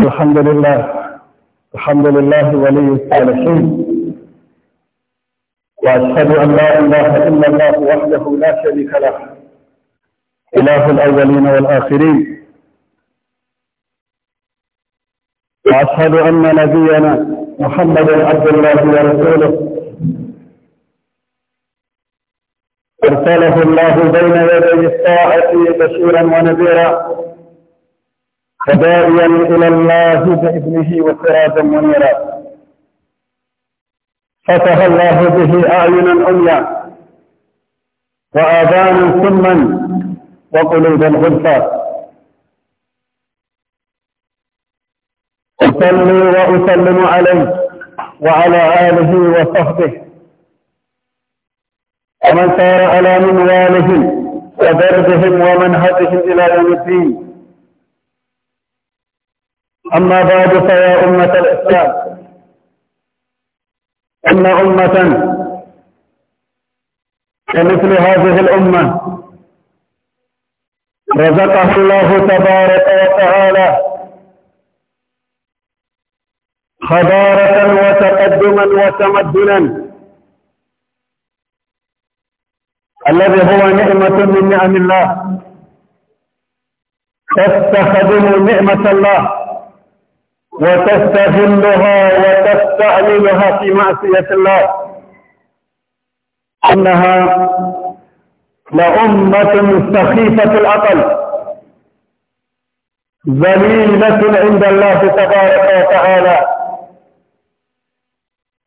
الحمد لله الحمد لله ولي الصالحين وأشهد أن لا إله إلا الله وحده لا شريك له إله الأولين والآخرين وأشهد أن نبينا محمدا عبد الله ورسوله أرسله الله بين يدي الساعة بشيرا ونذيرا وداعيا إلى الله بإذنه وسراجا منيرا فتح الله به أعينا عميا وآذانا سما وقلوبا غلفا أصلي وأسلم عليه وعلى آله وصحبه ومن سار على منوالهم ودربهم ومنهجهم إلى يوم الدين أما بعد فيا أمة الإسلام أن أمة كمثل هذه الأمة رزقه الله تبارك وتعالى حضاره وتقدما وتمدنا الذي هو نعمة من نعم الله تستخدم نعمة الله وتستهلها وتستعملها في معصية الله أنها لأمة سخيفة الأقل ذليلة عند الله تبارك وتعالى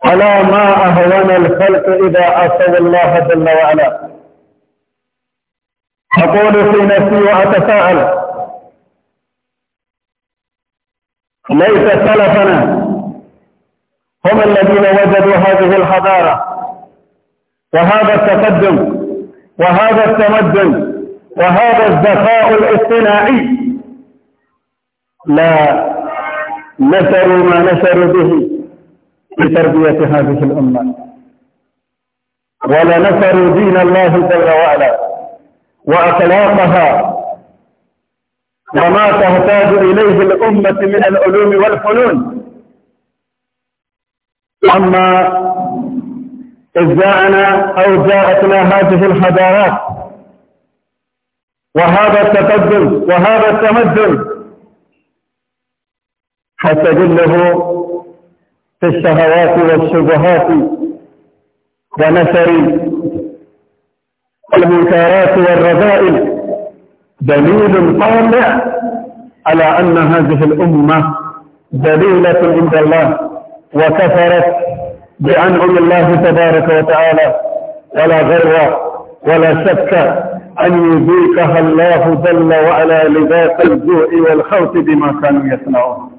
ألا ما أهون الخلق إذا عصوا الله جل وعلا أقول في نفسي وأتساءل ليس سلفنا هم الذين وجدوا هذه الحضارة وهذا التقدم وهذا التمدن وهذا الذكاء الاصطناعي لا نشروا ما نشروا به لتربية هذه الأمة ولا نشروا دين الله جل وعلا وأخلاقها وما تحتاج إليه الأمة من العلوم والفنون أما إذ جاءنا أو جاءتنا هذه الحضارات وهذا التقدم وهذا التمدن حتى جله في الشهوات والشبهات ونشر المنكرات والرذائل دليل قاطع على أن هذه الأمة دليلة عند الله وكفرت بأنعم الله تبارك وتعالى ولا غر ولا شك أن يذيقها الله جل وعلا لذات الجوع والخوف بما كانوا يصنعون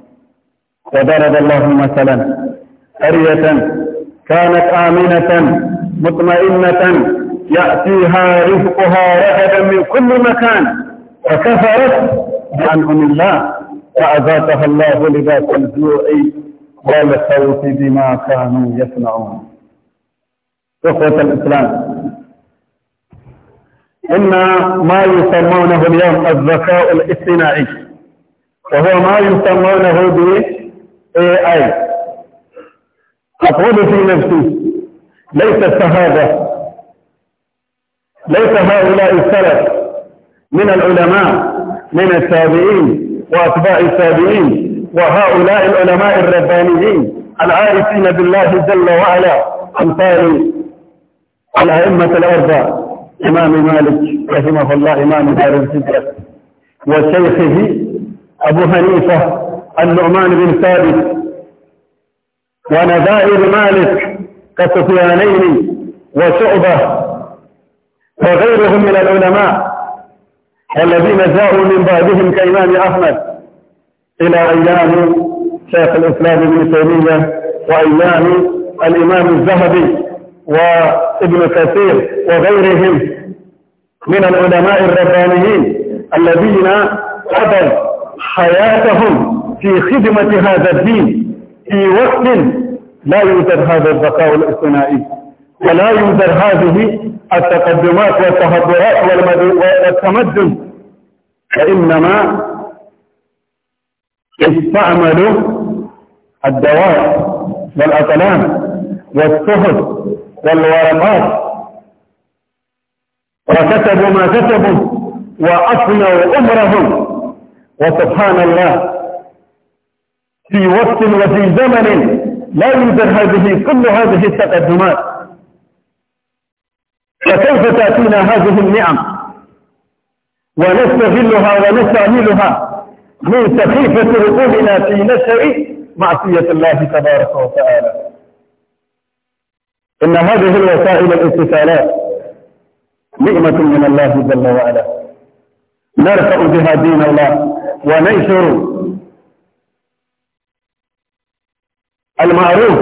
وضرب الله مثلا قرية كانت آمنة مطمئنة يأتيها رزقها رغدا من كل مكان فكفرت بأنعم الله فأذاتها الله لباس الجوع والخوف بما كانوا يصنعون إخوة الإسلام إن ما يسمونه اليوم الذكاء الاصطناعي وهو ما يسمونه ب AI أقول في نفسي ليس الشهادة ليس هؤلاء السلف من العلماء من التابعين وأتباع التابعين وهؤلاء العلماء الربانيين العارفين بالله جل وعلا أمثال الأئمة الأربع إمام مالك رحمه الله إمام دار الهجرة وشيخه أبو حنيفة النعمان بن ثابت ونذائر مالك كسفيانين وشعبة وغيرهم من العلماء والذين جاءوا من بعدهم كإمام أحمد إلى أيام شيخ الإسلام ابن تيمية وأيام الإمام الذهبي وابن كثير وغيرهم من العلماء الربانيين الذين قضوا حياتهم في خدمة هذا الدين في وقت لا يوجد هذا الذكاء الاصطناعي ولا ينذر هذه التقدمات والتهدرات والتمدن فإنما استعملوا الدواء والأقلام والسهد والورقات وكتبوا ما كتبوا وأفنوا أمرهم وسبحان الله في وقت وفي زمن لا يوجد هذه كل هذه التقدمات فكيف تأتينا هذه النعم ونستغلها ونستعملها من سخيفة رقوبنا في نشر معصية الله تبارك وتعالى إن هذه الوسائل الاتصالات نعمة من الله جل وعلا نرفع بها دين الله وننشر المعروف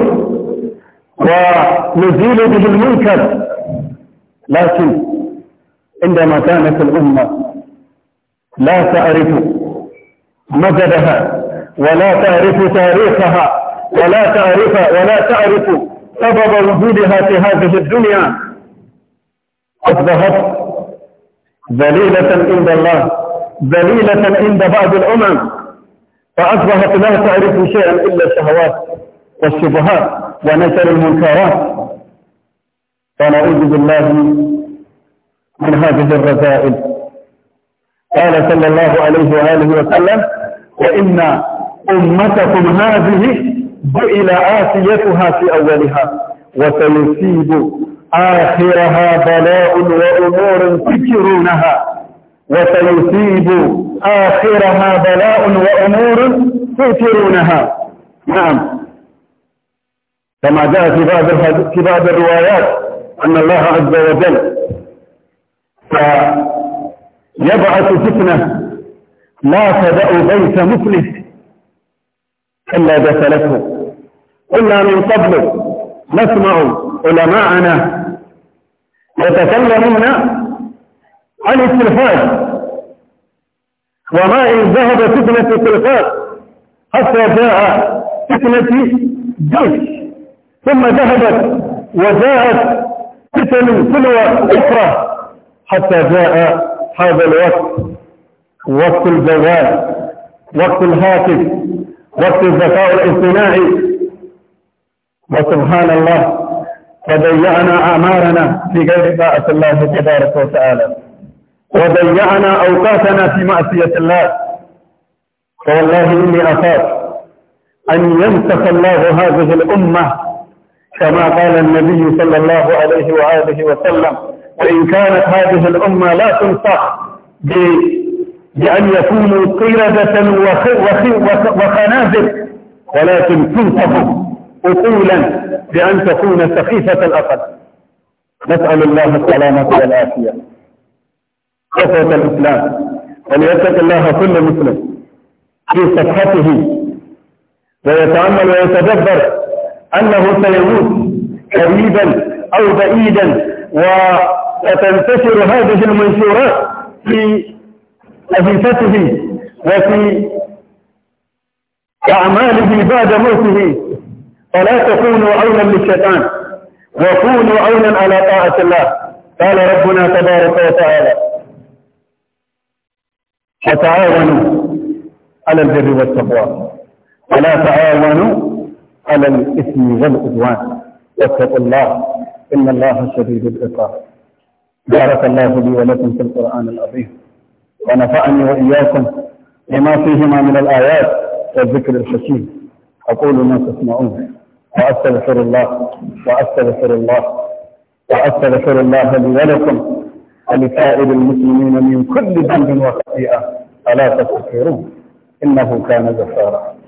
ونزيل به المنكر لكن عندما كانت الأمة لا تعرف مددها ولا تعرف تاريخها ولا تعرف ولا تعرف سبب وجودها في هذه الدنيا أصبحت ذليلة عند الله ذليلة عند بعض الأمم فأصبحت لا تعرف شيئا إلا الشهوات والشبهات ونشر المنكرات ونعوذ بالله من هذه الرذائل قال صلى الله عليه وآله وسلم وإن أمتكم هذه بئل آتيتها في أولها وسيصيب آخرها بلاء وأمور تكرونها وسيصيب آخرها بلاء وأمور تكرونها نعم كما جاء في بعض في بعض الروايات أن الله عز وجل سيبعث فتنة لا تدأ بيت مفلس إلا دخلته إلا من قبل نسمع علماءنا يتكلمون عن التلفاز وما إن ذهب فتنة التلفاز حتى جاء فتنة جيش ثم ذهبت وجاءت فتن تلوى أخرى حتى جاء هذا الوقت وقت الجوال وقت الهاتف وقت الذكاء الاصطناعي وسبحان الله وضيعنا أعمارنا في غير طاعة الله تبارك وتعالى وضيعنا أوقاتنا في معصية الله فوالله إني أخاف أن ينسخ الله هذه الأمة كما قال النبي صلى الله عليه وآله وسلم وإن كانت هذه الأمة لا تنصح بأن يكونوا قردة وخنازل ولكن تنصح أقولا بأن تكون سخيفة الأقل نسأل الله السلامة والعافية كثرة الإسلام وليتق الله كل مسلم في صفحته ويتأمل ويتدبر أنه سيموت قريبا أو بعيدا وتنتشر هذه المنشورات في أجهزته وفي أعماله بعد موته فلا تكونوا عونا للشيطان وكونوا عونا على طاعة الله قال ربنا تبارك وتعالى وتعاونوا على البر والتقوى ولا تعاونوا على الإثم والعدوان واتقوا الله إن الله شديد العقاب بارك الله لي ولكم في القرآن العظيم ونفعني وإياكم لما فيهما من الآيات والذكر الحكيم أقول ما تسمعون وأستغفر الله وأستغفر الله وأستغفر الله لي ولكم ولسائر المسلمين من كل ذنب وخطيئة ألا تستغفرون إنه كان غفارا